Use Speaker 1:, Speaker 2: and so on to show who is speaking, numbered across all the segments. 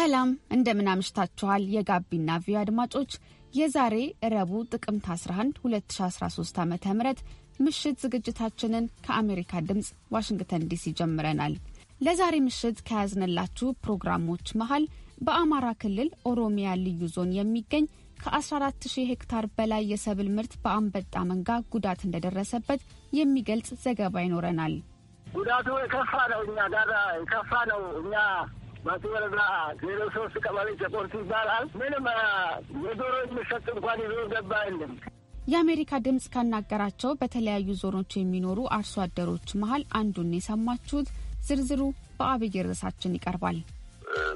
Speaker 1: ሰላም እንደምን አምሽታችኋል። የጋቢና ቪዮ አድማጮች የዛሬ እረቡ ጥቅምት 11 2013 ዓ ም ምሽት ዝግጅታችንን ከአሜሪካ ድምፅ ዋሽንግተን ዲሲ ጀምረናል። ለዛሬ ምሽት ከያዝንላችሁ ፕሮግራሞች መሀል በአማራ ክልል ኦሮሚያ ልዩ ዞን የሚገኝ ከ14000 ሄክታር በላይ የሰብል ምርት በአንበጣ መንጋ ጉዳት እንደደረሰበት የሚገልጽ ዘገባ ይኖረናል።
Speaker 2: ጉዳቱ የከፋ ነው። እኛ ጋር የከፋ ነው። እኛ ባቲ ወረዳ ዜሮ ሶስት ቀበሌ ጨቆርት ይባላል። ምንም የዶሮ የሚሸጥ እንኳን ይዞ ገባ የለም።
Speaker 1: የአሜሪካ ድምጽ ካናገራቸው በተለያዩ ዞኖች የሚኖሩ አርሶ አደሮች መሀል አንዱን የሰማችሁት። ዝርዝሩ በአብይ ርዕሳችን ይቀርባል።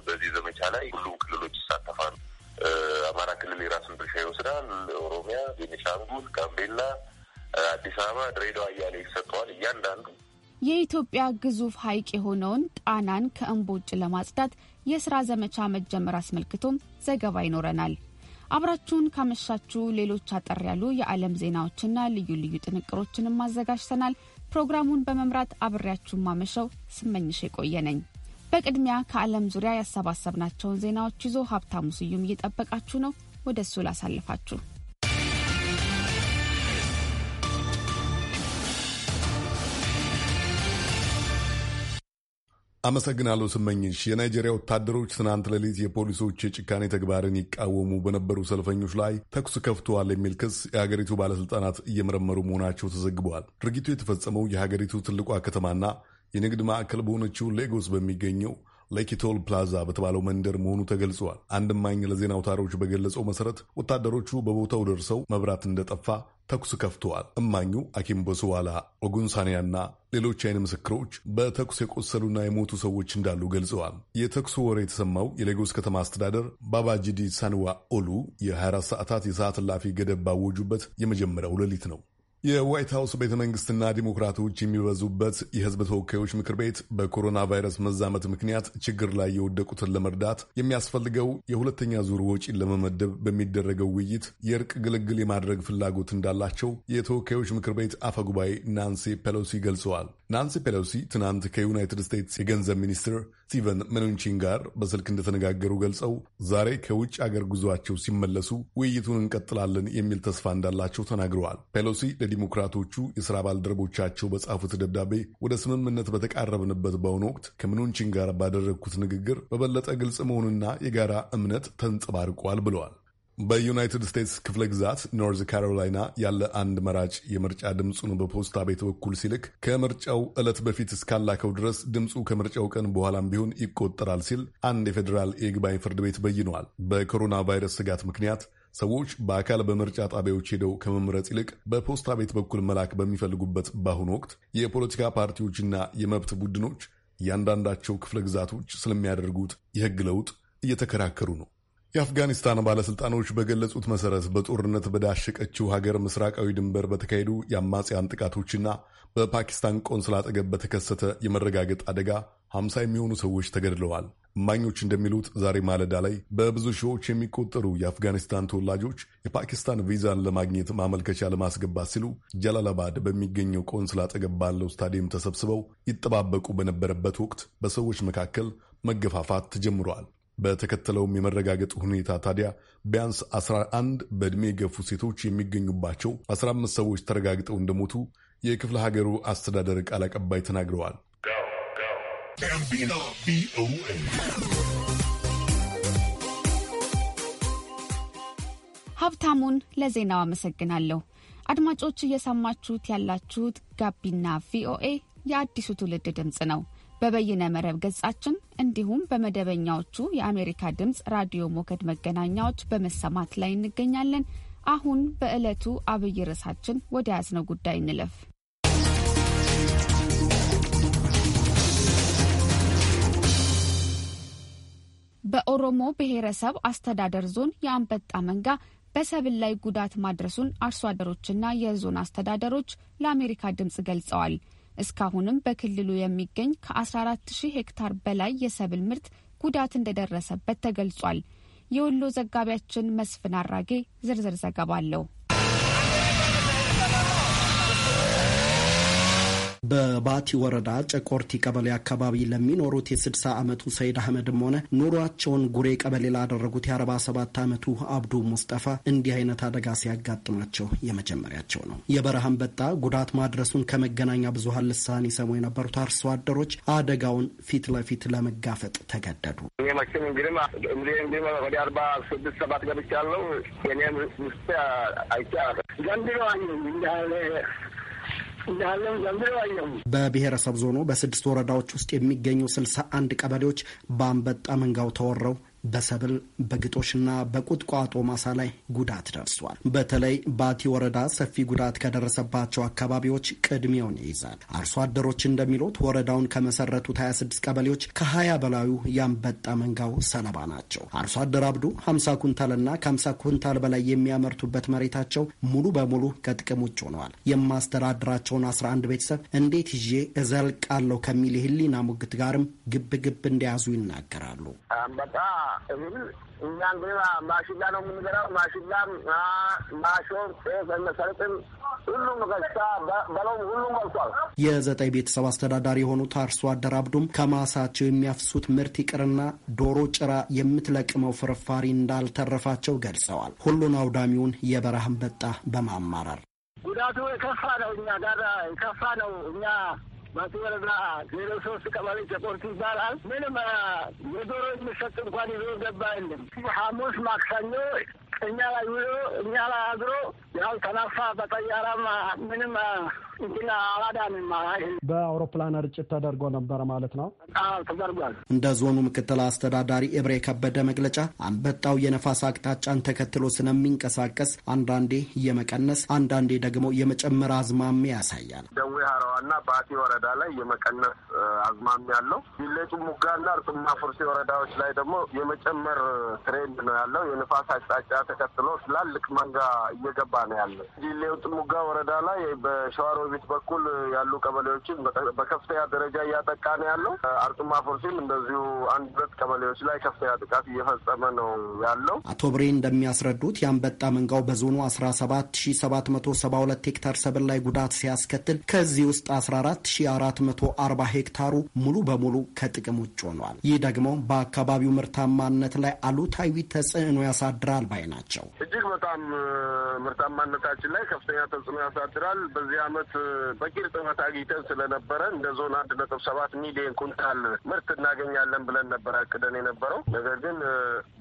Speaker 3: በዚህ ዘመቻ ላይ ሁሉም ክልሎች ይሳተፋሉ። አማራ ክልል የራሱን ድርሻ ይወስዳል። ኦሮሚያ፣ ቤኒሻንጉል፣ ጋምቤላ፣ አዲስ አበባ፣ ድሬዳዋ እያለ ይሰጠዋል። እያንዳንዱ
Speaker 1: የኢትዮጵያ ግዙፍ ሐይቅ የሆነውን ጣናን ከእምቦጭ ለማጽዳት የሥራ ዘመቻ መጀመር አስመልክቶም ዘገባ ይኖረናል። አብራችሁን ካመሻችሁ ሌሎች አጠር ያሉ የዓለም ዜናዎችና ልዩ ልዩ ጥንቅሮችንም አዘጋጅተናል። ፕሮግራሙን በመምራት አብሬያችሁ ማመሸው ስመኝሽ የቆየ ነኝ። በቅድሚያ ከዓለም ዙሪያ ያሰባሰብናቸውን ዜናዎች ይዞ ሀብታሙ ስዩም እየጠበቃችሁ ነው። ወደ እሱ ላሳልፋችሁ።
Speaker 4: አመሰግናለሁ ስመኝሽ። የናይጄሪያ ወታደሮች ትናንት ሌሊት የፖሊሶች የጭካኔ ተግባርን ይቃወሙ በነበሩ ሰልፈኞች ላይ ተኩስ ከፍተዋል የሚል ክስ የሀገሪቱ ባለሥልጣናት እየመረመሩ መሆናቸው ተዘግበዋል። ድርጊቱ የተፈጸመው የሀገሪቱ ትልቋ ከተማና የንግድ ማዕከል በሆነችው ሌጎስ በሚገኘው ለኪቶል ፕላዛ በተባለው መንደር መሆኑ ተገልጿል። አንድ እማኝ ለዜና አውታሮች በገለጸው መሰረት ወታደሮቹ በቦታው ደርሰው መብራት እንደጠፋ ተኩስ ከፍተዋል። እማኙ አኪም ቦስዋላ ኦጉንሳንያና ሌሎች አይን ምስክሮች በተኩስ የቆሰሉና የሞቱ ሰዎች እንዳሉ ገልጸዋል። የተኩሱ ወሬ የተሰማው የሌጎስ ከተማ አስተዳደር ባባጂዲ ሳንዋ ኦሉ የ24 ሰዓታት የሰዓት ላፊ ገደብ ባወጁበት የመጀመሪያው ሌሊት ነው። የዋይት ሀውስ ቤተ መንግስትና ዲሞክራቶች የሚበዙበት የህዝብ ተወካዮች ምክር ቤት በኮሮና ቫይረስ መዛመት ምክንያት ችግር ላይ የወደቁትን ለመርዳት የሚያስፈልገው የሁለተኛ ዙር ወጪን ለመመደብ በሚደረገው ውይይት የእርቅ ግልግል የማድረግ ፍላጎት እንዳላቸው የተወካዮች ምክር ቤት አፈጉባኤ ናንሲ ፔሎሲ ገልጸዋል። ናንሲ ፔሎሲ ትናንት ከዩናይትድ ስቴትስ የገንዘብ ሚኒስትር ስቲቨን መኑቺን ጋር በስልክ እንደተነጋገሩ ገልጸው ዛሬ ከውጭ አገር ጉዟቸው ሲመለሱ ውይይቱን እንቀጥላለን የሚል ተስፋ እንዳላቸው ተናግረዋል። ፔሎሲ ለዲሞክራቶቹ የሥራ ባልደረቦቻቸው በጻፉት ደብዳቤ ወደ ስምምነት በተቃረብንበት በአሁኑ ወቅት ከመኑቺን ጋር ባደረግኩት ንግግር በበለጠ ግልጽ መሆኑና የጋራ እምነት ተንጸባርቋል ብለዋል። በዩናይትድ ስቴትስ ክፍለ ግዛት ኖርዝ ካሮላይና ያለ አንድ መራጭ የምርጫ ድምፁን በፖስታ ቤት በኩል ሲልክ ከምርጫው ዕለት በፊት እስካላከው ድረስ ድምፁ ከምርጫው ቀን በኋላም ቢሆን ይቆጠራል ሲል አንድ የፌዴራል የግባኝ ፍርድ ቤት በይነዋል። በኮሮና ቫይረስ ስጋት ምክንያት ሰዎች በአካል በምርጫ ጣቢያዎች ሄደው ከመምረጥ ይልቅ በፖስታ ቤት በኩል መላክ በሚፈልጉበት በአሁኑ ወቅት የፖለቲካ ፓርቲዎችና የመብት ቡድኖች እያንዳንዳቸው ክፍለ ግዛቶች ስለሚያደርጉት የሕግ ለውጥ እየተከራከሩ ነው። የአፍጋኒስታን ባለሥልጣኖች በገለጹት መሠረት በጦርነት በዳሸቀችው ሀገር ምስራቃዊ ድንበር በተካሄዱ የአማጽያን ጥቃቶችና በፓኪስታን ቆንስላ አጠገብ በተከሰተ የመረጋገጥ አደጋ ሀምሳ የሚሆኑ ሰዎች ተገድለዋል። እማኞች እንደሚሉት ዛሬ ማለዳ ላይ በብዙ ሺዎች የሚቆጠሩ የአፍጋኒስታን ተወላጆች የፓኪስታን ቪዛን ለማግኘት ማመልከቻ ለማስገባት ሲሉ ጃላላባድ በሚገኘው ቆንስላ አጠገብ ባለው ስታዲየም ተሰብስበው ይጠባበቁ በነበረበት ወቅት በሰዎች መካከል መገፋፋት ተጀምረዋል። በተከተለውም የመረጋገጥ ሁኔታ ታዲያ ቢያንስ 11 በዕድሜ የገፉ ሴቶች የሚገኙባቸው 15 ሰዎች ተረጋግጠው እንደሞቱ የክፍለ ሀገሩ አስተዳደር ቃል አቀባይ ተናግረዋል።
Speaker 1: ሀብታሙን ለዜናው አመሰግናለሁ። አድማጮች እየሰማችሁት ያላችሁት ጋቢና ቪኦኤ የአዲሱ ትውልድ ድምፅ ነው። በበይነ መረብ ገጻችን እንዲሁም በመደበኛዎቹ የአሜሪካ ድምፅ ራዲዮ ሞገድ መገናኛዎች በመሰማት ላይ እንገኛለን። አሁን በዕለቱ አብይ ርዕሳችን ወደ ያዝነው ጉዳይ እንለፍ። በኦሮሞ ብሔረሰብ አስተዳደር ዞን የአንበጣ መንጋ በሰብል ላይ ጉዳት ማድረሱን አርሶ አደሮችና የዞን አስተዳደሮች ለአሜሪካ ድምፅ ገልጸዋል። እስካሁንም በክልሉ የሚገኝ ከ14 ሺህ ሄክታር በላይ የሰብል ምርት ጉዳት እንደደረሰበት ተገልጿል። የወሎ ዘጋቢያችን መስፍን አራጌ ዝርዝር ዘገባ አለው።
Speaker 5: በባቲ ወረዳ ጨቆርቲ ቀበሌ አካባቢ ለሚኖሩት የ60 ዓመቱ ሰይድ አህመድም ሆነ ኑሯቸውን ጉሬ ቀበሌ ላደረጉት የ47 ዓመቱ አብዱ ሙስጠፋ እንዲህ አይነት አደጋ ሲያጋጥማቸው የመጀመሪያቸው ነው። የበረሃ አንበጣ ጉዳት ማድረሱን ከመገናኛ ብዙኃን ልሳን ይሰሙ የነበሩት አርሶ አደሮች አደጋውን ፊት ለፊት ለመጋፈጥ ተገደዱ።
Speaker 2: መቼም እንግዲህ ወደ አርባ ስድስት ሰባት ገብቻለሁ። የኔም ውስጥ አይቻ ዘንድሮ ነው እንዲ
Speaker 5: በብሔረሰብ ዞኑ በስድስት ወረዳዎች ውስጥ የሚገኙ ስልሳ አንድ ቀበሌዎች በአንበጣ መንጋው ተወረው በሰብል በግጦሽና በቁጥቋጦ ማሳ ላይ ጉዳት ደርሷል። በተለይ ባቲ ወረዳ ሰፊ ጉዳት ከደረሰባቸው አካባቢዎች ቅድሚያውን ይይዛል። አርሶ አደሮች እንደሚሉት ወረዳውን ከመሰረቱት 26 ቀበሌዎች ከ20 በላዩ ያንበጣ መንጋው ሰለባ ናቸው። አርሶ አደር አብዱ 50 ኩንታልና ከ50 ኩንታል በላይ የሚያመርቱበት መሬታቸው ሙሉ በሙሉ ከጥቅም ውጭ ሆነዋል። የማስተዳድራቸውን 11 ቤተሰብ እንዴት ይዤ እዘልቃለሁ ከሚል የህሊና ሙግት ጋርም ግብ ግብ እንደያዙ ይናገራሉ።
Speaker 2: ማሽላ ነው የምንገራው። ማሽላም ማሾም፣ ጤፍ፣ መሰረትም ሁሉም ገሳ ሁሉም
Speaker 5: የዘጠኝ ቤተሰብ አስተዳዳሪ የሆኑት አርሶ አደር አብዱም ከማሳቸው የሚያፍሱት ምርት ይቅርና ዶሮ ጭራ የምትለቅመው ፍርፋሪ እንዳልተረፋቸው ገልጸዋል። ሁሉን አውዳሚውን የበረሃን በጣ በማማራር
Speaker 2: ጉዳቱ የከፋ ነው። እኛ ጋር የከፋ ነው እኛ ማቲ ወረዳ ዜሮ ሶስት ቀበሌ ጨቆርት ይባላል። ምንም የዶሮ የሚሰጥ እንኳን ይዞ ገባ የለም። ሐሙስ ማክሰኞ እኛ ላይ ውሎ እኛ ላይ አድሮ ያው ተነፋ። በጠያራም ምንም አላዳንም።
Speaker 6: በአውሮፕላን ርጭት
Speaker 5: ተደርጎ ነበረ ማለት ነው? ተደርጓል። እንደ ዞኑ ምክትል አስተዳዳሪ እብሬ ከበደ መግለጫ አንበጣው የነፋስ አቅጣጫን ተከትሎ ስለሚንቀሳቀስ አንዳንዴ እየመቀነስ አንዳንዴ ደግሞ የመጨመር አዝማሚያ ያሳያል። ደዌ ሀረዋና በአቲ ወረዳ ላይ የመቀነስ አዝማሚያ አለው።
Speaker 2: ቢሌ ጭሙጋና እርጡማ ፉርሲ ወረዳዎች ላይ ደግሞ የመጨመር ትሬንድ ነው ያለው የነፋስ አቅጣጫ ተከትሎ ትላልቅ መንጋ እየገባ ነው ያለ። ሌው ጥሙጋ ወረዳ ላይ በሸዋሮቢት በኩል ያሉ ቀበሌዎችን በከፍተኛ ደረጃ እያጠቃ ነው ያለው። አርጡማ ፎርሲም እንደዚሁ አንድ ሁለት ቀበሌዎች ላይ ከፍተኛ ጥቃት እየፈጸመ ነው ያለው።
Speaker 5: አቶ ብሬ እንደሚያስረዱት የአንበጣ መንጋው በዞኑ አስራ ሰባት ሺ ሰባት መቶ ሰባ ሁለት ሄክታር ሰብል ላይ ጉዳት ሲያስከትል ከዚህ ውስጥ አስራ አራት ሺ አራት መቶ አርባ ሄክታሩ ሙሉ በሙሉ ከጥቅም ውጭ ሆኗል። ይህ ደግሞ በአካባቢው ምርታማነት ላይ አሉታዊ ተጽዕኖ ያሳድራል ባይ ነው። ናቸው።
Speaker 2: እጅግ በጣም ምርታማነታችን ላይ ከፍተኛ ተጽዕኖ ያሳድራል። በዚህ አመት በቂ እርጥበት አግኝተን ስለነበረ እንደ ዞን አንድ ነጥብ ሰባት ሚሊዮን ኩንታል ምርት እናገኛለን ብለን ነበር አቅደን የነበረው። ነገር ግን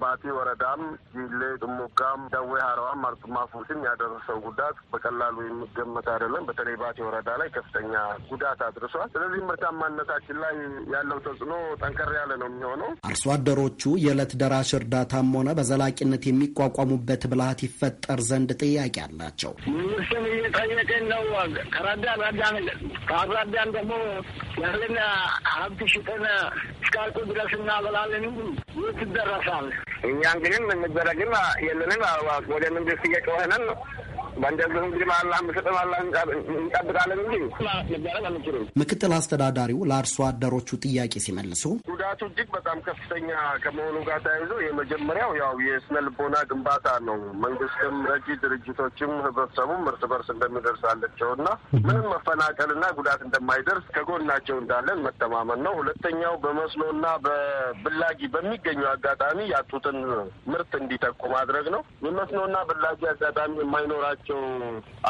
Speaker 2: ባቲ ወረዳም ጅሌ ጥሙጋም፣ ደዌ ሀረዋም፣ አርጡማፉሲም ያደረሰው ጉዳት በቀላሉ የሚገመት አይደለም። በተለይ ባቲ ወረዳ ላይ ከፍተኛ ጉዳት አድርሷል። ስለዚህ ምርታማነታችን ላይ ያለው ተጽዕኖ
Speaker 5: ጠንከር ያለ ነው የሚሆነው። አርሶ አደሮቹ የዕለት ደራሽ እርዳታም ሆነ በዘላቂነት የሚቋቋ የሚቋቋሙበት ብልሃት ይፈጠር ዘንድ ጥያቄ አላቸው።
Speaker 2: መንግስትም እየጠየቀን ነው። ከረዳ ረዳን፣ ካልረዳን ደግሞ ያለን ሀብት ሽጠን እስካልቁ ድረስ እናበላለን። ይደረሳል። እኛ እንግዲህ የምንደረግም የለንም። ወደ መንግስት እየጮኸነን ነው እንግዲህ እንጠብቃለን እንጂ
Speaker 5: ምክትል አስተዳዳሪው ለአርሶ አደሮቹ ጥያቄ ሲመልሱ
Speaker 2: ጉዳቱ እጅግ በጣም ከፍተኛ ከመሆኑ ጋር ተያይዞ የመጀመሪያው ያው የስነ ልቦና ግንባታ ነው። መንግስትም፣ ረጂ ድርጅቶችም ህብረተሰቡም እርስ በርስ እንደሚደርሳለቸው እና ምንም መፈናቀልና ጉዳት እንደማይደርስ ከጎናቸው እንዳለን መተማመን ነው። ሁለተኛው በመስኖና በብላጊ በሚገኘው አጋጣሚ ያጡትን ምርት እንዲጠቁ ማድረግ ነው። የመስኖና ብላጊ አጋጣሚ የማይኖራቸው ያላቸው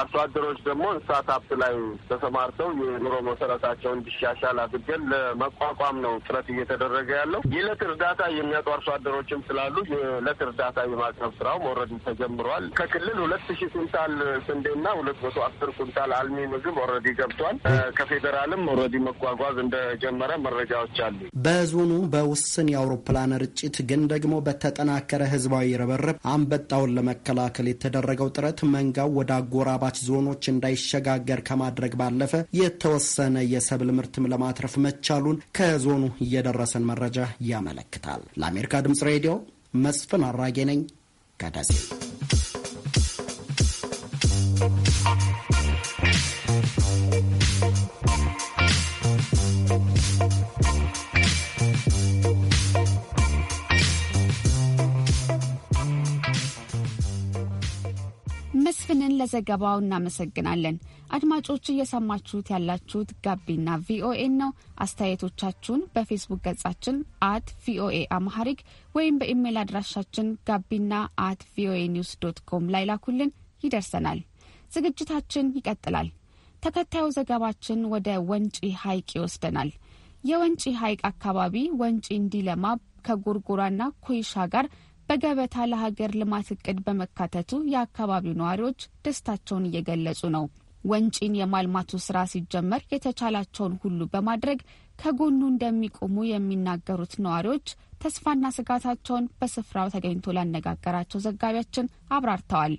Speaker 2: አርሶ አደሮች ደግሞ እንስሳት ሀብት ላይ ተሰማርተው የኑሮ መሰረታቸውን እንዲሻሻል አድርገን ለመቋቋም ነው ጥረት እየተደረገ ያለው። የዕለት እርዳታ የሚያጡ አርሶ አደሮችም ስላሉ የዕለት እርዳታ የማቅረብ ስራው መውረድ ተጀምረዋል። ከክልል ሁለት ሺህ ኩንታል ስንዴና ሁለት መቶ አስር ኩንታል አልሚ ምግብ ወረዲ ገብቷል። ከፌዴራልም ወረዲ መጓጓዝ እንደጀመረ መረጃዎች አሉ።
Speaker 5: በዞኑ በውስን የአውሮፕላን ርጭት ግን ደግሞ በተጠናከረ ህዝባዊ ርብርብ አንበጣውን ለመከላከል የተደረገው ጥረት መንጋ ገበያው ወደ አጎራባች ዞኖች እንዳይሸጋገር ከማድረግ ባለፈ የተወሰነ የሰብል ምርትም ለማትረፍ መቻሉን ከዞኑ እየደረሰን መረጃ ያመለክታል። ለአሜሪካ ድምጽ ሬዲዮ መስፍን አራጌ ነኝ ከደሴ።
Speaker 1: መስፍንን ለዘገባው እናመሰግናለን። አድማጮች እየሰማችሁት ያላችሁት ጋቢና ቪኦኤ ነው። አስተያየቶቻችሁን በፌስቡክ ገጻችን አት ቪኦኤ አማሐሪክ ወይም በኢሜይል አድራሻችን ጋቢና አት ቪኦኤ ኒውስ ዶት ኮም ላይ ላኩልን፣ ይደርሰናል። ዝግጅታችን ይቀጥላል። ተከታዩ ዘገባችን ወደ ወንጪ ሐይቅ ይወስደናል። የወንጪ ሐይቅ አካባቢ ወንጪ እንዲለማ ከጎርጎራና ኮይሻ ጋር በገበታ ለሀገር ልማት እቅድ በመካተቱ የአካባቢው ነዋሪዎች ደስታቸውን እየገለጹ ነው። ወንጪን የማልማቱ ስራ ሲጀመር የተቻላቸውን ሁሉ በማድረግ ከጎኑ እንደሚቆሙ የሚናገሩት ነዋሪዎች ተስፋና ስጋታቸውን በስፍራው ተገኝቶ ላነጋገራቸው ዘጋቢያችን አብራርተዋል።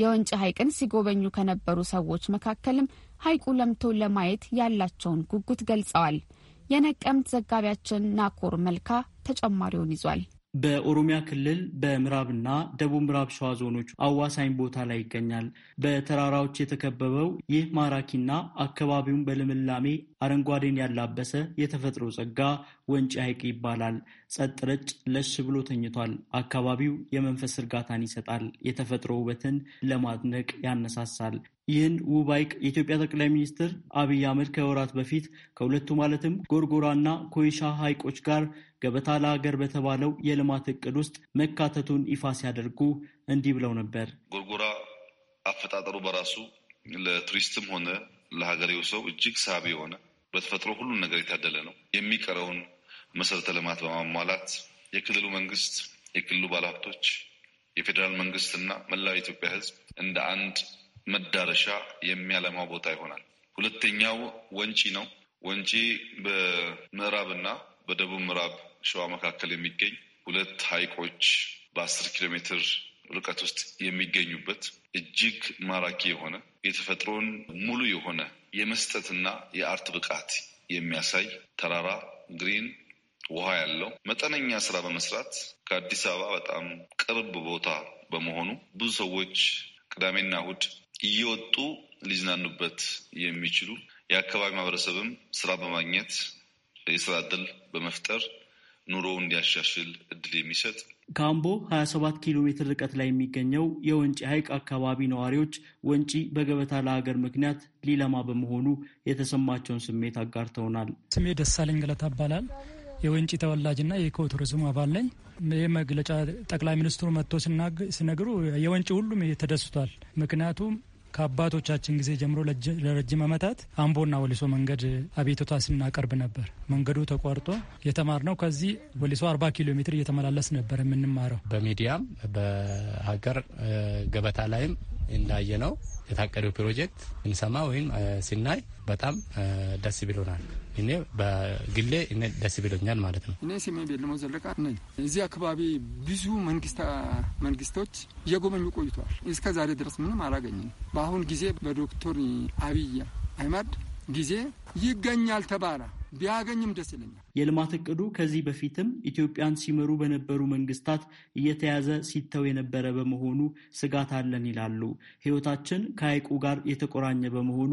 Speaker 1: የወንጪ ሐይቅን ሲጎበኙ ከነበሩ ሰዎች መካከልም ሐይቁ ለምቶ ለማየት ያላቸውን ጉጉት ገልጸዋል። የነቀምት ዘጋቢያችን ናኮር መልካ ተጨማሪውን ይዟል።
Speaker 7: በኦሮሚያ ክልል በምዕራብና ደቡብ ምዕራብ ሸዋ ዞኖች አዋሳኝ ቦታ ላይ ይገኛል። በተራራዎች የተከበበው ይህ ማራኪና አካባቢውን በልምላሜ አረንጓዴን ያላበሰ የተፈጥሮ ጸጋ ወንጪ ሐይቅ ይባላል። ጸጥ ረጭ ለሽ ብሎ ተኝቷል። አካባቢው የመንፈስ እርጋታን ይሰጣል፣ የተፈጥሮ ውበትን ለማድነቅ ያነሳሳል። ይህን ውብ ሐይቅ የኢትዮጵያ ጠቅላይ ሚኒስትር አብይ አህመድ ከወራት በፊት ከሁለቱ ማለትም ጎርጎራና ኮይሻ ሐይቆች ጋር ገበታ ለሀገር በተባለው የልማት እቅድ ውስጥ መካተቱን ይፋ ሲያደርጉ እንዲህ ብለው ነበር።
Speaker 8: ጎርጎራ አፈጣጠሩ በራሱ ለቱሪስትም ሆነ ለሀገሬው ሰው እጅግ ሳቢ የሆነ በተፈጥሮ ሁሉን ነገር የታደለ ነው። የሚቀረውን መሰረተ ልማት በማሟላት የክልሉ መንግስት፣ የክልሉ ባለሀብቶች፣ የፌዴራል መንግስት እና መላው የኢትዮጵያ ሕዝብ እንደ አንድ መዳረሻ የሚያለማው ቦታ ይሆናል። ሁለተኛው ወንጪ ነው። ወንጪ በምዕራብና በደቡብ ምዕራብ ሸዋ መካከል የሚገኝ ሁለት ሀይቆች በአስር ኪሎ ሜትር ርቀት ውስጥ የሚገኙበት እጅግ ማራኪ የሆነ የተፈጥሮን ሙሉ የሆነ የመስጠትና የአርት ብቃት የሚያሳይ ተራራ ግሪን ውሃ ያለው መጠነኛ ስራ በመስራት ከአዲስ አበባ በጣም ቅርብ ቦታ በመሆኑ ብዙ ሰዎች ቅዳሜና እሁድ እየወጡ ሊዝናኑበት የሚችሉ የአካባቢ ማህበረሰብም ስራ በማግኘት የስራ እድል በመፍጠር ኑሮው እንዲያሻሽል እድል የሚሰጥ
Speaker 7: ከአምቦ 27 ኪሎ ሜትር ርቀት ላይ የሚገኘው የወንጪ ሐይቅ አካባቢ ነዋሪዎች ወንጪ በገበታ ለሀገር ምክንያት ሊለማ በመሆኑ የተሰማቸውን ስሜት አጋርተውናል። ስሜ
Speaker 9: ደሳለኝ ገለታ ይባላል። የወንጪ ተወላጅና የኢኮ ቱሪዝሙ አባል ነኝ። ይህ መግለጫ ጠቅላይ ሚኒስትሩ መጥቶ ሲነግሩ የወንጪ ሁሉም ተደስቷል። ምክንያቱም ከአባቶቻችን ጊዜ ጀምሮ ለረጅም ዓመታት አምቦና ወሊሶ መንገድ አቤቱታ ስናቀርብ ነበር። መንገዱ ተቋርጦ የተማርነው ከዚህ ወሊሶ አርባ ኪሎ ሜትር እየተመላለስ ነበር የምንማረው። በሚዲያም በሀገር ገበታ ላይም ነው የታቀደው ፕሮጀክት እንሰማ ወይም ስናይ በጣም ደስ ብሎናል። እኔ በግሌ እኔ ደስ ብሎኛል ማለት ነው። እኔ ስሜ ቤልሞ ዘለቃ ነኝ። እዚህ አካባቢ ብዙ መንግስቶች እየጎበኙ ቆይተዋል። እስከ ዛሬ ድረስ ምንም አላገኘም። በአሁን ጊዜ
Speaker 7: በዶክተር አብይ አህመድ ጊዜ ይገኛል ተባለ። ቢያገኝም ደስ ይለኛል። የልማት እቅዱ ከዚህ በፊትም ኢትዮጵያን ሲመሩ በነበሩ መንግስታት እየተያዘ ሲተው የነበረ በመሆኑ ስጋት አለን ይላሉ። ህይወታችን ከሐይቁ ጋር የተቆራኘ በመሆኑ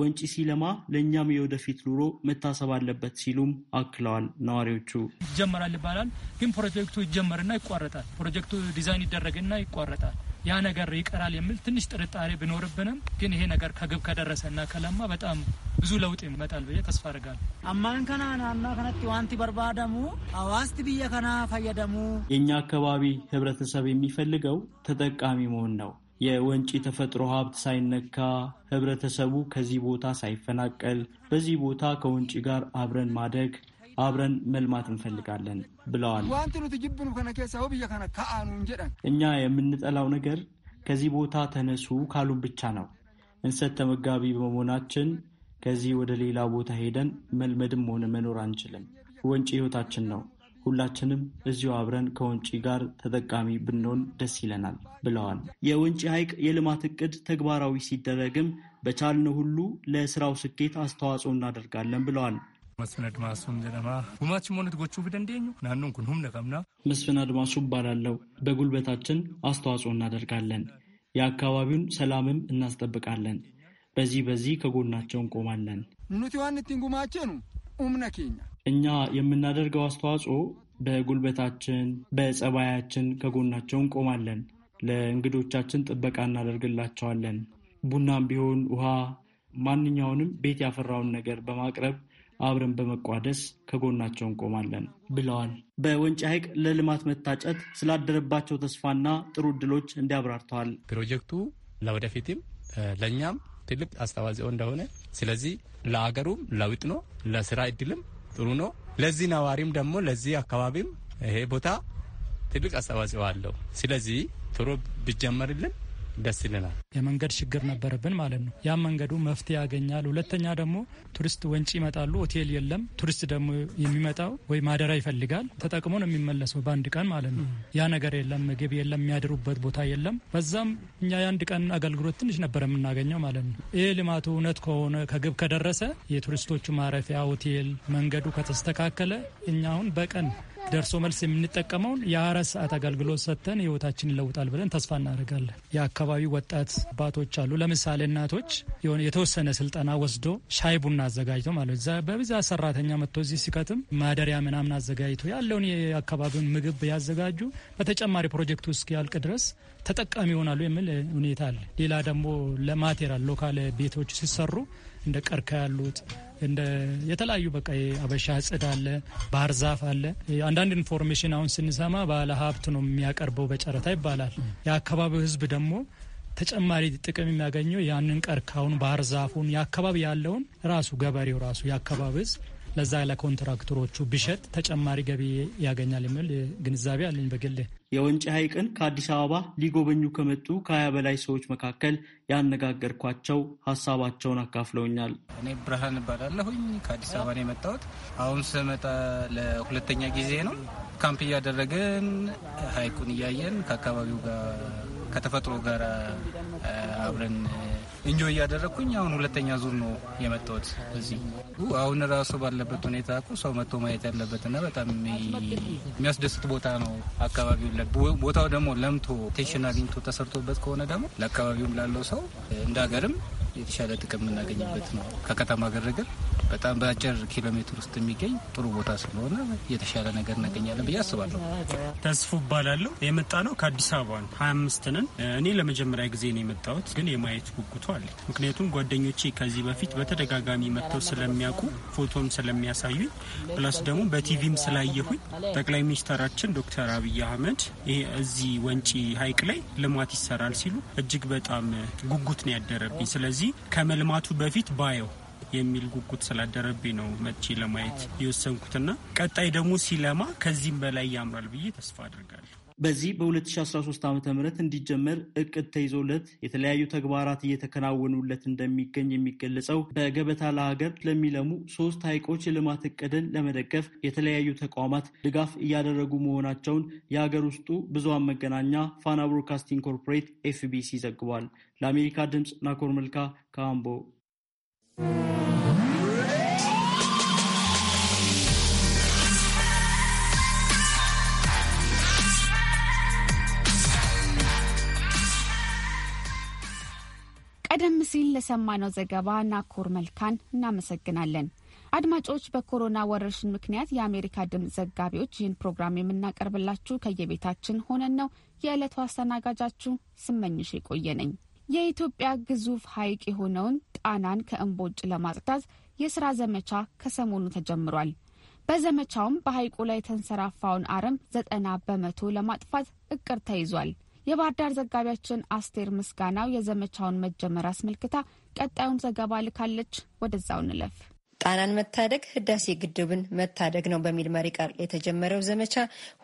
Speaker 7: ወንጪ ሲለማ ለእኛም የወደፊት ኑሮ መታሰብ አለበት ሲሉም አክለዋል። ነዋሪዎቹ
Speaker 9: ይጀመራል ይባላል፣ ግን ፕሮጀክቱ ይጀመርና ይቋረጣል። ፕሮጀክቱ ዲዛይን ይደረግና ይቋረጣል። ያ ነገር ይቀራል የሚል ትንሽ ጥርጣሬ ቢኖርብንም ግን ይሄ ነገር ከግብ ከደረሰና ከለማ በጣም ብዙ ለውጥ ይመጣል ብዬ ተስፋ አድርጋለሁ። አማን ከናና ናና ዋንቲ በርባደሙ አዋስት ብየ ከና ፈየደሙ
Speaker 7: የእኛ አካባቢ ህብረተሰብ የሚፈልገው ተጠቃሚ መሆን ነው። የወንጪ ተፈጥሮ ሀብት ሳይነካ ህብረተሰቡ ከዚህ ቦታ ሳይፈናቀል በዚህ ቦታ ከወንጪ ጋር አብረን ማደግ አብረን መልማት እንፈልጋለን ብለዋል። እኛ የምንጠላው ነገር ከዚህ ቦታ ተነሱ ካሉን ብቻ ነው። እንሰት ተመጋቢ በመሆናችን ከዚህ ወደ ሌላ ቦታ ሄደን መልመድም ሆነ መኖር አንችልም። ወንጪ ህይወታችን ነው። ሁላችንም እዚሁ አብረን ከወንጪ ጋር ተጠቃሚ ብንሆን ደስ ይለናል ብለዋል። የወንጪ ሐይቅ የልማት እቅድ ተግባራዊ ሲደረግም በቻልነው ሁሉ ለስራው ስኬት አስተዋጽኦ እናደርጋለን ብለዋል።
Speaker 9: መስፍን አድማሱ ጀማ ጎቹ ብደንደኙ ኩን
Speaker 7: መስፍን አድማሱ እባላለሁ። በጉልበታችን አስተዋጽኦ እናደርጋለን። የአካባቢውን ሰላምም እናስጠብቃለን። በዚህ በዚህ ከጎናቸው እንቆማለን።
Speaker 9: ኑቲዋን ትንጉማቸኑ ኡምነ ኬኛ
Speaker 7: እኛ የምናደርገው አስተዋጽኦ በጉልበታችን፣ በጸባያችን ከጎናቸው እንቆማለን። ለእንግዶቻችን ጥበቃ እናደርግላቸዋለን። ቡናም ቢሆን ውሃ፣ ማንኛውንም ቤት ያፈራውን ነገር በማቅረብ አብረን በመቋደስ ከጎናቸው እንቆማለን ብለዋል። በወንጭ ሐይቅ ለልማት መታጨት ስላደረባቸው ተስፋና ጥሩ እድሎች እንዲያብራርተዋል። ፕሮጀክቱ ለወደፊትም ለእኛም
Speaker 9: ትልቅ አስተዋጽኦ እንደሆነ፣ ስለዚህ ለአገሩም ለውጥ ነው፣ ለስራ እድልም ጥሩ ነው። ለዚህ ነዋሪም ደግሞ ለዚህ አካባቢም ይሄ ቦታ ትልቅ አስተዋጽኦ አለው። ስለዚህ ቶሎ ቢጀመርልን ደስ ይለናል። የመንገድ ችግር ነበረብን ማለት ነው። ያም መንገዱ መፍትሄ ያገኛል። ሁለተኛ ደግሞ ቱሪስት ወንጪ ይመጣሉ፣ ሆቴል የለም። ቱሪስት ደግሞ የሚመጣው ወይ ማደራ ይፈልጋል፣ ተጠቅሞ ነው የሚመለሰው በአንድ ቀን ማለት ነው። ያ ነገር የለም፣ ምግብ የለም፣ የሚያድሩበት ቦታ የለም። በዛም እኛ የአንድ ቀን አገልግሎት ትንሽ ነበር የምናገኘው ማለት ነው። ይህ ልማቱ እውነት ከሆነ ከግብ ከደረሰ የቱሪስቶቹ ማረፊያ ሆቴል መንገዱ ከተስተካከለ እኛ አሁን በቀን ደርሶ መልስ የምንጠቀመውን የአራት ሰዓት አገልግሎት ሰጥተን ህይወታችን ይለውጣል ብለን ተስፋ እናደርጋለን። የአካባቢው ወጣት አባቶች አሉ። ለምሳሌ እናቶች የተወሰነ ስልጠና ወስዶ ሻይ ቡና አዘጋጅተው ማለት በብዛት ሰራተኛ መጥቶ እዚህ ሲከትም ማደሪያ ምናምን አዘጋጅቶ ያለውን የአካባቢውን ምግብ ያዘጋጁ በተጨማሪ ፕሮጀክቱ እስኪያልቅ ድረስ ተጠቃሚ ይሆናሉ የሚል ሁኔታ አለ። ሌላ ደግሞ ለማቴሪያል ሎካል ቤቶች ሲሰሩ እንደ ቀርከ ያሉት እንደ የተለያዩ በቃ አበሻ ጽድ አለ፣ ባህር ዛፍ አለ። አንዳንድ ኢንፎርሜሽን አሁን ስንሰማ ባለ ሀብት ነው የሚያቀርበው በጨረታ ይባላል። የአካባቢው ህዝብ ደግሞ ተጨማሪ ጥቅም የሚያገኘው ያንን ቀርካውን ባህር ዛፉን የአካባቢ ያለውን ራሱ ገበሬው ራሱ የአካባቢ ህዝብ ለዛ ለኮንትራክተሮቹ ቢሸጥ ተጨማሪ ገቢ ያገኛል የሚል ግንዛቤ አለኝ በግል።
Speaker 7: የወንጪ ሐይቅን ከአዲስ አበባ ሊጎበኙ ከመጡ ከሀያ በላይ ሰዎች መካከል ያነጋገርኳቸው ሀሳባቸውን አካፍለውኛል።
Speaker 9: እኔ ብርሃን እባላለሁኝ ከአዲስ አበባ ነው የመጣሁት። አሁን ስመጣ ለሁለተኛ ጊዜ ነው። ካምፕ እያደረግን ሐይቁን እያየን ከአካባቢው ጋር ከተፈጥሮ ጋር አብረን እንጆ እያደረግኩኝ አሁን ሁለተኛ ዙር ነው የመጣሁት እዚህ። አሁን ራሱ ባለበት ሁኔታ እኮ ሰው መጥቶ ማየት ያለበት እና በጣም የሚያስደስት ቦታ ነው። አካባቢው ቦታው ደግሞ ለምቶ ቴሽን አግኝቶ ተሰርቶበት ከሆነ ደግሞ ለአካባቢውም ላለው ሰው እንደ ሀገርም የተሻለ ጥቅም የምናገኝበት ነው። ከከተማ ግርግር በጣም በአጭር ኪሎ ሜትር ውስጥ የሚገኝ ጥሩ ቦታ ስለሆነ የተሻለ ነገር እናገኛለን ብዬ አስባለሁ። ተስፉ
Speaker 7: እባላለሁ። የመጣ ነው ከአዲስ አበባ ነው። ሀያ አምስት ነን። እኔ ለመጀመሪያ ጊዜ ነው የመጣሁት፣ ግን የማየት ጉጉቱ አለ። ምክንያቱም ጓደኞቼ ከዚህ በፊት በተደጋጋሚ መጥተው ስለሚያውቁ ፎቶም ስለሚያሳዩኝ ፕላስ ደግሞ በቲቪም ስላየሁኝ ጠቅላይ ሚኒስተራችን ዶክተር አብይ አህመድ ይሄ እዚህ ወንጪ ሀይቅ ላይ ልማት ይሰራል ሲሉ እጅግ በጣም ጉጉት ነው ያደረብኝ። ስለዚህ ስለዚህ ከመልማቱ በፊት ባየው የሚል ጉጉት ስላደረብኝ ነው መቼ ለማየት የወሰንኩትና ቀጣይ ደግሞ ሲለማ ከዚህም በላይ ያምራል ብዬ ተስፋ አድርጋለሁ። በዚህ በ2013 ዓ ም እንዲጀመር እቅድ ተይዞለት የተለያዩ ተግባራት እየተከናወኑለት እንደሚገኝ የሚገለጸው በገበታ ለሀገር ለሚለሙ ሶስት ሐይቆች የልማት እቅድን ለመደገፍ የተለያዩ ተቋማት ድጋፍ እያደረጉ መሆናቸውን የሀገር ውስጡ ብዙሃን መገናኛ ፋና ብሮድካስቲንግ ኮርፖሬት ኤፍቢሲ ዘግቧል። ለአሜሪካ ድምፅ ናኮር መልካ ከአምቦ
Speaker 1: ቀደም ሲል ለሰማነው ዘገባ ናኮር መልካን እናመሰግናለን። አድማጮች፣ በኮሮና ወረርሽኝ ምክንያት የአሜሪካ ድምፅ ዘጋቢዎች ይህን ፕሮግራም የምናቀርብላችሁ ከየቤታችን ሆነን ነው። የዕለቱ አስተናጋጃችሁ ስመኝሽ የቆየ ነኝ። የኢትዮጵያ ግዙፍ ሐይቅ የሆነውን ጣናን ከእምቦጭ ለማጽዳት የስራ ዘመቻ ከሰሞኑ ተጀምሯል። በዘመቻውም በሐይቁ ላይ የተንሰራፋውን አረም ዘጠና በመቶ ለማጥፋት እቅድ ተይዟል። የባህር ዳር ዘጋቢያችን አስቴር ምስጋናው የዘመቻውን መጀመር አስመልክታ ቀጣዩን ዘገባ ልካለች። ወደዛው እንለፍ። ጣናን መታደግ ህዳሴ ግድብን
Speaker 10: መታደግ ነው በሚል መሪ ቃል የተጀመረው ዘመቻ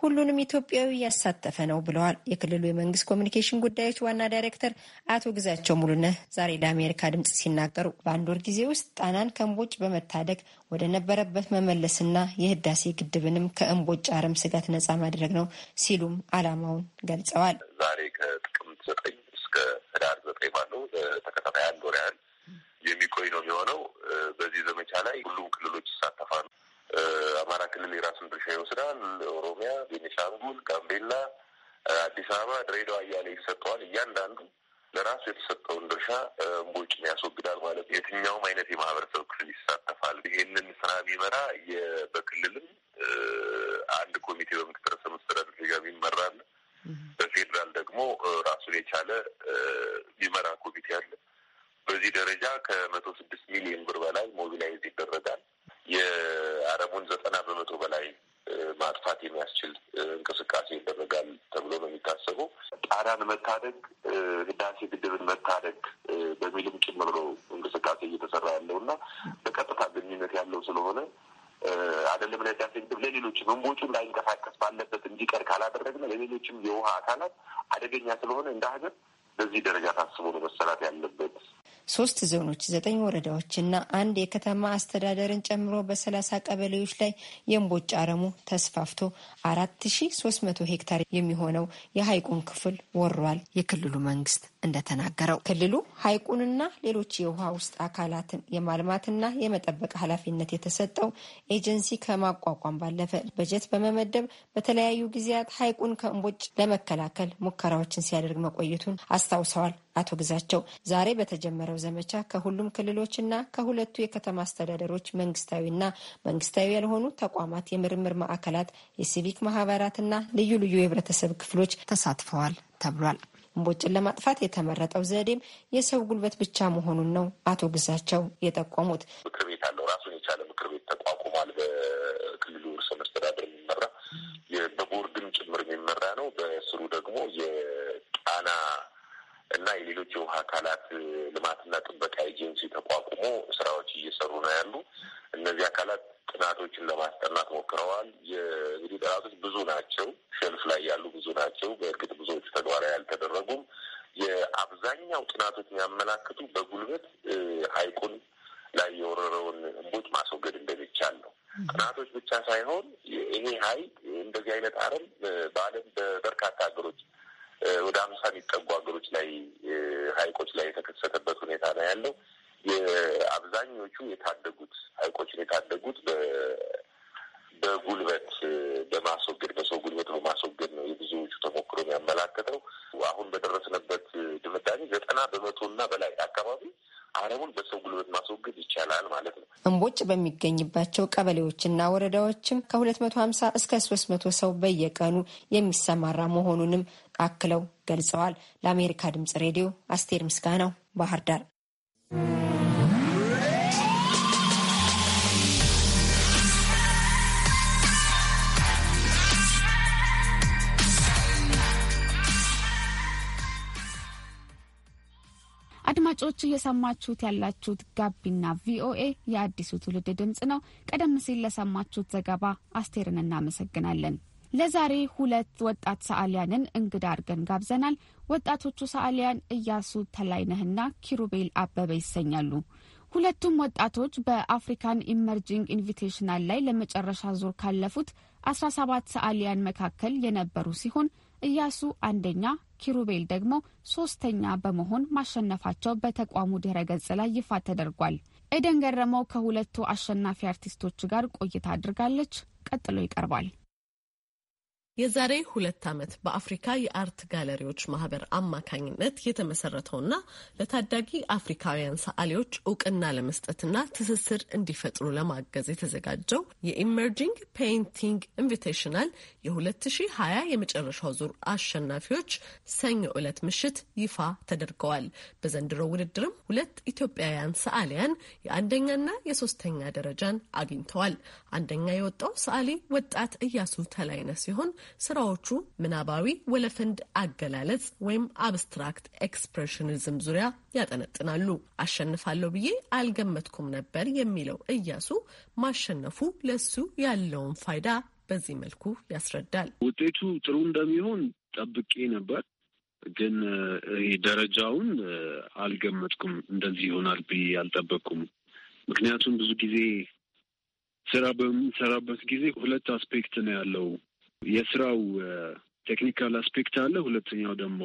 Speaker 10: ሁሉንም ኢትዮጵያዊ ያሳተፈ ነው ብለዋል የክልሉ የመንግስት ኮሚኒኬሽን ጉዳዮች ዋና ዳይሬክተር አቶ ግዛቸው ሙሉነህ ዛሬ ለአሜሪካ ድምጽ ሲናገሩ በአንድ ወር ጊዜ ውስጥ ጣናን ከእምቦጭ በመታደግ ወደ ነበረበት መመለስና የህዳሴ ግድብንም ከእምቦጭ አረም ስጋት ነጻ ማድረግ ነው ሲሉም አላማውን ገልጸዋል።
Speaker 3: የሚቆይ ነው የሚሆነው። በዚህ ዘመቻ ላይ ሁሉም ክልሎች ይሳተፋሉ። አማራ ክልል የራሱን ድርሻ ይወስዳል። ኦሮሚያ፣ ቤኒሻንጉል፣ ጋምቤላ፣ አዲስ አበባ፣ ድሬዳዋ እያለ ይሰጠዋል። እያንዳንዱ ለራሱ የተሰጠውን ድርሻ እምቦጭን ያስወግዳል ማለት የትኛውም አይነት የማህበረሰብ ክፍል ይሳተፋል። ይሄንን ስራ የሚመራ በክልልም አንድ ኮሚቴ በምክትል ርዕሰ መስተዳድር ደረጃ በፌዴራል ደግሞ ራሱን የቻለ ቢመራ ኮሚቴ አለ። በዚህ ደረጃ ከመቶ ስድስት ሚሊዮን ብር በላይ ሞቢላይዝ ይደረጋል። የአረሙን ዘጠና በመቶ በላይ ማጥፋት የሚያስችል እንቅስቃሴ ይደረጋል ተብሎ ነው የሚታሰበው። ጣሪያን መታደግ፣ ህዳሴ ግድብን መታደግ በሚልም ጭምር ነው እንቅስቃሴ እየተሰራ ያለው እና በቀጥታ ግንኙነት ያለው ስለሆነ አይደለም ለህዳሴ ግድብ ለሌሎችም እንቦጩ እንዳይንቀሳቀስ ባለበት እንዲቀር ካላደረግን ለሌሎችም የውሃ አካላት አደገኛ ስለሆነ እንደ ሀገር በዚህ ደረጃ ታስቦ ነው መሰራት ያለበት
Speaker 10: ሶስት ዞኖች ዘጠኝ ወረዳዎች እና አንድ የከተማ አስተዳደርን ጨምሮ በሰላሳ ቀበሌዎች ላይ የእምቦጭ አረሙ ተስፋፍቶ አራት ሺ ሶስት መቶ ሄክታር የሚሆነው የሀይቁን ክፍል ወሯል የክልሉ መንግስት። እንደተናገረው ክልሉ ሐይቁንና ሌሎች የውሃ ውስጥ አካላትን የማልማትና የመጠበቅ ኃላፊነት የተሰጠው ኤጀንሲ ከማቋቋም ባለፈ በጀት በመመደብ በተለያዩ ጊዜያት ሐይቁን ከእንቦጭ ለመከላከል ሙከራዎችን ሲያደርግ መቆየቱን አስታውሰዋል። አቶ ግዛቸው ዛሬ በተጀመረው ዘመቻ ከሁሉም ክልሎችና ከሁለቱ የከተማ አስተዳደሮች መንግስታዊና መንግስታዊ ያልሆኑ ተቋማት፣ የምርምር ማዕከላት፣ የሲቪክ ማህበራትና ልዩ ልዩ የህብረተሰብ ክፍሎች ተሳትፈዋል ተብሏል። እምቦጭን ለማጥፋት የተመረጠው ዘዴም የሰው ጉልበት ብቻ መሆኑን ነው አቶ ግዛቸው የጠቆሙት።
Speaker 3: ምክር ቤት አለው ራሱን የቻለ ምክር ቤት ተቋቁሟል። በክልሉ ርዕሰ መስተዳደር የሚመራ በቦርድም ጭምር የሚመራ ነው። በስሩ ደግሞ የጣና እና የሌሎች የውሃ አካላት ልማትና ጥበቃ ኤጀንሲ ተቋቁሞ ስራዎች እየሰሩ ነው ያሉ እነዚህ አካላት ጥናቶችን ለማስጠናት ሞክረዋል። እንግዲህ ጥናቶች ብዙ ናቸው፣ ሸልፍ ላይ ያሉ ብዙ ናቸው። በእርግጥ ብዙዎቹ ተግባራዊ አልተደረጉም። የአብዛኛው ጥናቶች የሚያመላክቱ በጉልበት ሐይቁን ላይ የወረረውን እምቦጭ ማስወገድ እንደሚቻል ነው። ጥናቶች ብቻ ሳይሆን ይሄ ሐይቅ እንደዚህ አይነት አረም በዓለም በበርካታ ሀገሮች ወደ አምሳ የሚጠጉ ሀገሮች ላይ ሐይቆች ላይ የተከሰተበት ሁኔታ ነው ያለው። የአብዛኞቹ የታደጉት ሀይቆችን የታደጉት በጉልበት በማስወገድ በሰው ጉልበት በማስወገድ ነው። የብዙዎቹ ተሞክሮ የሚያመላከተው አሁን በደረስንበት ድምዳሜ ዘጠና በመቶና በላይ አካባቢ አረሙን በሰው ጉልበት ማስወገድ ይቻላል ማለት ነው።
Speaker 10: እምቦጭ በሚገኝባቸው ቀበሌዎችና ወረዳዎችም ከሁለት መቶ ሀምሳ እስከ ሶስት መቶ ሰው በየቀኑ የሚሰማራ መሆኑንም አክለው ገልጸዋል። ለአሜሪካ ድምጽ ሬዲዮ አስቴር ምስጋናው ባህር ዳር።
Speaker 1: አድማጮች እየሰማችሁት ያላችሁት ጋቢና ቪኦኤ የአዲሱ ትውልድ ድምፅ ነው። ቀደም ሲል ለሰማችሁት ዘገባ አስቴርን እናመሰግናለን። ለዛሬ ሁለት ወጣት ሰዓሊያንን እንግዳ አድርገን ጋብዘናል። ወጣቶቹ ሰዓሊያን እያሱ ተላይነህና ኪሩቤል አበበ ይሰኛሉ። ሁለቱም ወጣቶች በአፍሪካን ኢመርጂንግ ኢንቪቴሽናል ላይ ለመጨረሻ ዙር ካለፉት አስራ ሰባት ሰዓሊያን መካከል የነበሩ ሲሆን እያሱ አንደኛ ኪሩቤል ደግሞ ሶስተኛ በመሆን ማሸነፋቸው በተቋሙ ድረ ገጽ ላይ ይፋ ተደርጓል። ኤደን ገረመው ከሁለቱ አሸናፊ አርቲስቶች ጋር ቆይታ አድርጋለች።
Speaker 11: ቀጥሎ ይቀርባል። የዛሬ ሁለት ዓመት በአፍሪካ የአርት ጋለሪዎች ማህበር አማካኝነት የተመሰረተውና ለታዳጊ አፍሪካውያን ሰዓሊዎች እውቅና ለመስጠትና ትስስር እንዲፈጥሩ ለማገዝ የተዘጋጀው የኢመርጂንግ ፔይንቲንግ ኢንቪቴሽናል የ2020 የመጨረሻው ዙር አሸናፊዎች ሰኞ ዕለት ምሽት ይፋ ተደርገዋል። በዘንድሮ ውድድርም ሁለት ኢትዮጵያውያን ሰዓሊያን የአንደኛና የሶስተኛ ደረጃን አግኝተዋል። አንደኛ የወጣው ሰዓሊ ወጣት እያሱ ተላይነ ሲሆን ስራዎቹ ምናባዊ ወለፈንድ አገላለጽ ወይም አብስትራክት ኤክስፕሬሽኒዝም ዙሪያ ያጠነጥናሉ። አሸንፋለሁ ብዬ አልገመትኩም ነበር የሚለው እያሱ ማሸነፉ ለሱ ያለውን ፋይዳ በዚህ መልኩ ያስረዳል።
Speaker 6: ውጤቱ ጥሩ እንደሚሆን ጠብቄ ነበር፣ ግን ደረጃውን አልገመጥኩም እንደዚህ ይሆናል ብዬ አልጠበቅኩም። ምክንያቱም ብዙ ጊዜ ስራ በምንሰራበት ጊዜ ሁለት አስፔክት ነው ያለው። የስራው ቴክኒካል አስፔክት አለ፣ ሁለተኛው ደግሞ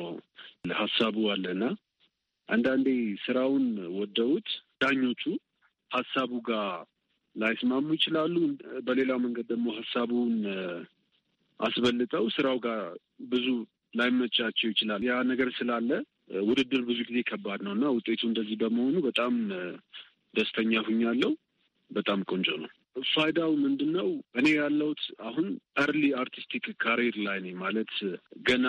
Speaker 6: ሀሳቡ አለና አንዳንዴ ስራውን ወደውት ዳኞቹ ሀሳቡ ጋር ላይስማሙ ይችላሉ። በሌላ መንገድ ደግሞ ሀሳቡን አስበልጠው ስራው ጋር ብዙ ላይመቻቸው ይችላል። ያ ነገር ስላለ ውድድር ብዙ ጊዜ ከባድ ነው እና ውጤቱ እንደዚህ በመሆኑ በጣም ደስተኛ ሁኛለሁ። በጣም ቆንጆ ነው። ፋይዳው ምንድን ነው? እኔ ያለሁት አሁን ኤርሊ አርቲስቲክ ካሪር ላይ ነኝ። ማለት ገና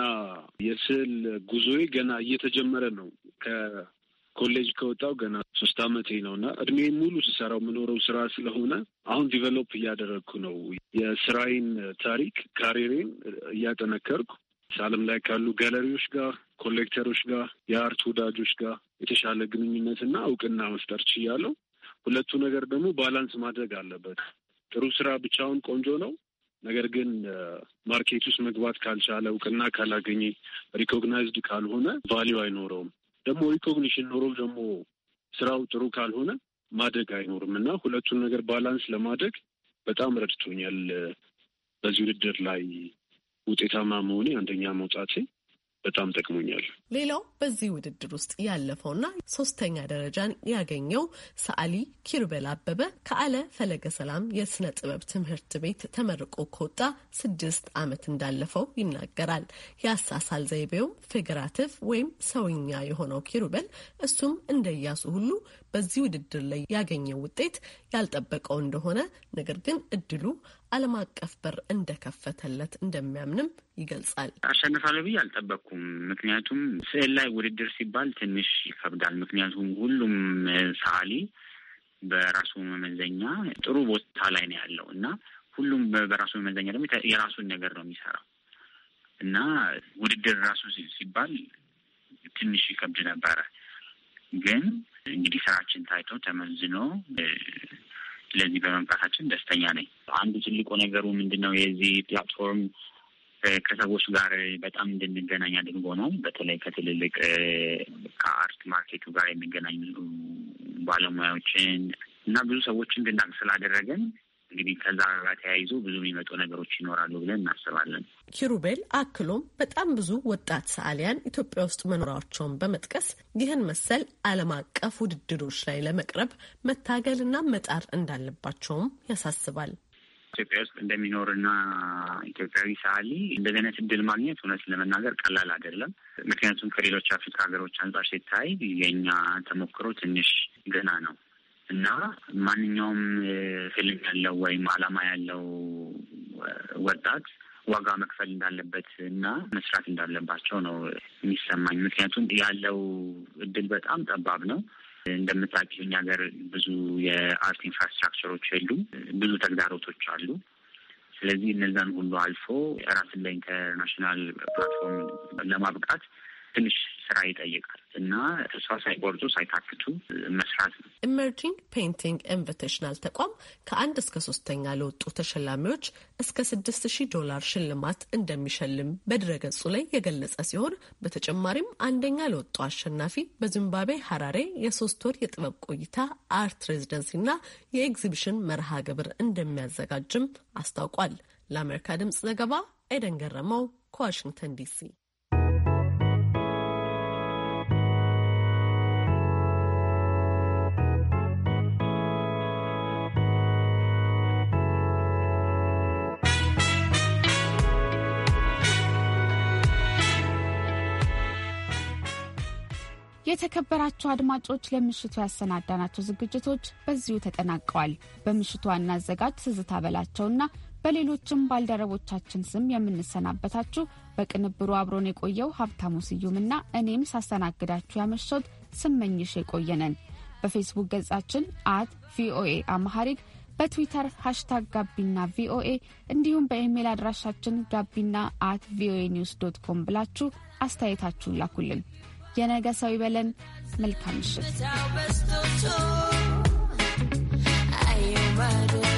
Speaker 6: የስዕል ጉዞዬ ገና እየተጀመረ ነው። ከኮሌጅ ከወጣው ገና ሶስት አመቴ ነው እና እድሜ ሙሉ ስሰራው የምኖረው ስራ ስለሆነ አሁን ዲቨሎፕ እያደረግኩ ነው። የስራዬን ታሪክ ካሪሬን እያጠነከርኩ ዓለም ላይ ካሉ ጋለሪዎች ጋር፣ ኮሌክተሮች ጋር፣ የአርት ወዳጆች ጋር የተሻለ ግንኙነትና እውቅና መፍጠር ችያለሁ። ሁለቱ ነገር ደግሞ ባላንስ ማድረግ አለበት። ጥሩ ስራ ብቻውን ቆንጆ ነው። ነገር ግን ማርኬት ውስጥ መግባት ካልቻለ፣ እውቅና ካላገኘ፣ ሪኮግናይዝድ ካልሆነ ቫሊዩ አይኖረውም። ደግሞ ሪኮግኒሽን ኖሮ ደግሞ ስራው ጥሩ ካልሆነ ማደግ አይኖርም እና ሁለቱን ነገር ባላንስ ለማድረግ በጣም ረድቶኛል። በዚህ ውድድር ላይ ውጤታማ መሆኔ አንደኛ መውጣቴ በጣም ጠቅሞኛል።
Speaker 11: ሌላው በዚህ ውድድር ውስጥ ያለፈውና ሶስተኛ ደረጃን ያገኘው ሰዓሊ ኪሩቤል አበበ ከአለ ፈለገ ሰላም የስነ ጥበብ ትምህርት ቤት ተመርቆ ከወጣ ስድስት ዓመት እንዳለፈው ይናገራል። የአሳሳል ዘይቤው ፌዴራቲቭ ወይም ሰውኛ የሆነው ኪሩቤል እሱም እንደያሱ ሁሉ በዚህ ውድድር ላይ ያገኘው ውጤት ያልጠበቀው እንደሆነ ነገር ግን እድሉ ዓለም አቀፍ በር እንደከፈተለት እንደሚያምንም ይገልጻል።
Speaker 12: አሸንፋለሁ ብዬ አልጠበቅኩም። ምክንያቱም ስዕል ላይ ውድድር ሲባል ትንሽ ይከብዳል። ምክንያቱም ሁሉም ሰዓሊ በራሱ መመዘኛ ጥሩ ቦታ ላይ ነው ያለው እና ሁሉም በራሱ መመዘኛ ደግሞ የራሱን ነገር ነው የሚሰራው እና ውድድር ራሱ ሲባል ትንሽ ይከብድ ነበረ። ግን እንግዲህ ስራችን ታይቶ ተመዝኖ ስለዚህ በመምጣታችን ደስተኛ ነኝ። አንዱ ትልቁ ነገሩ ምንድን ነው የዚህ ፕላትፎርም ከሰዎች ጋር በጣም እንድንገናኝ አድርጎ ነው። በተለይ ከትልልቅ ከአርት ማርኬቱ ጋር የሚገናኙ ባለሙያዎችን እና ብዙ ሰዎችን እንድናቅ ስላደረገን እንግዲህ ከዛ ጋር ተያይዞ ብዙ የሚመጡ ነገሮች ይኖራሉ ብለን እናስባለን።
Speaker 11: ኪሩቤል አክሎም በጣም ብዙ ወጣት ሰዓሊያን ኢትዮጵያ ውስጥ መኖራቸውን በመጥቀስ ይህን መሰል ዓለም አቀፍ ውድድሮች ላይ ለመቅረብ መታገልና መጣር እንዳለባቸውም ያሳስባል።
Speaker 3: ኢትዮጵያ
Speaker 12: ውስጥ እንደሚኖርና ኢትዮጵያዊ ሰዓሊ እንደዚህ አይነት እድል ማግኘት እውነት ለመናገር ቀላል አይደለም። ምክንያቱም ከሌሎች አፍሪካ ሀገሮች አንጻር ሲታይ የእኛ ተሞክሮ ትንሽ ገና ነው። እና ማንኛውም ፊልም ያለው ወይም አላማ ያለው ወጣት ዋጋ መክፈል እንዳለበት እና መስራት እንዳለባቸው ነው የሚሰማኝ። ምክንያቱም ያለው እድል በጣም ጠባብ ነው። እንደምታውቂው እኛ ሀገር ብዙ የአርት ኢንፍራስትራክቸሮች የሉም። ብዙ ተግዳሮቶች አሉ። ስለዚህ እነዛን ሁሉ አልፎ ራስን ለኢንተርናሽናል ፕላትፎርም ለማብቃት ትንሽ ስራ ይጠይቃል እና ተስፋ ሳይቆርጡ ሳይታክቱ
Speaker 11: መስራት ነው። ኢመርጂንግ ፔይንቲንግ ኢንቪቴሽናል ተቋም ከአንድ እስከ ሶስተኛ ለወጡ ተሸላሚዎች እስከ ስድስት ሺህ ዶላር ሽልማት እንደሚሸልም በድረገጹ ላይ የገለጸ ሲሆን በተጨማሪም አንደኛ ለወጡ አሸናፊ በዚምባብዌ ሀራሬ የሶስት ወር የጥበብ ቆይታ አርት ሬዚደንሲና የኤግዚቢሽን መርሃ ግብር እንደሚያዘጋጅም አስታውቋል። ለአሜሪካ ድምጽ ዘገባ ኤደን ገረመው ከዋሽንግተን ዲሲ
Speaker 1: የተከበራችሁ አድማጮች ለምሽቱ ያሰናዳናቸው ዝግጅቶች በዚሁ ተጠናቀዋል። በምሽቱ ዋና አዘጋጅ ትዝታ በላቸውና በሌሎችም ባልደረቦቻችን ስም የምንሰናበታችሁ በቅንብሩ አብሮን የቆየው ሀብታሙ ስዩምና እኔም ሳስተናግዳችሁ ያመሾት ስመኝሽ የቆየነን። በፌስቡክ ገጻችን አት ቪኦኤ አማሐሪክ በትዊተር ሃሽታግ ጋቢና ቪኦኤ እንዲሁም በኢሜይል አድራሻችን ጋቢና አት ቪኦኤ ኒውስ ዶት ኮም ብላችሁ አስተያየታችሁን ላኩልን። የነገ ሰው ይበለን። መልካም
Speaker 10: ምሽት።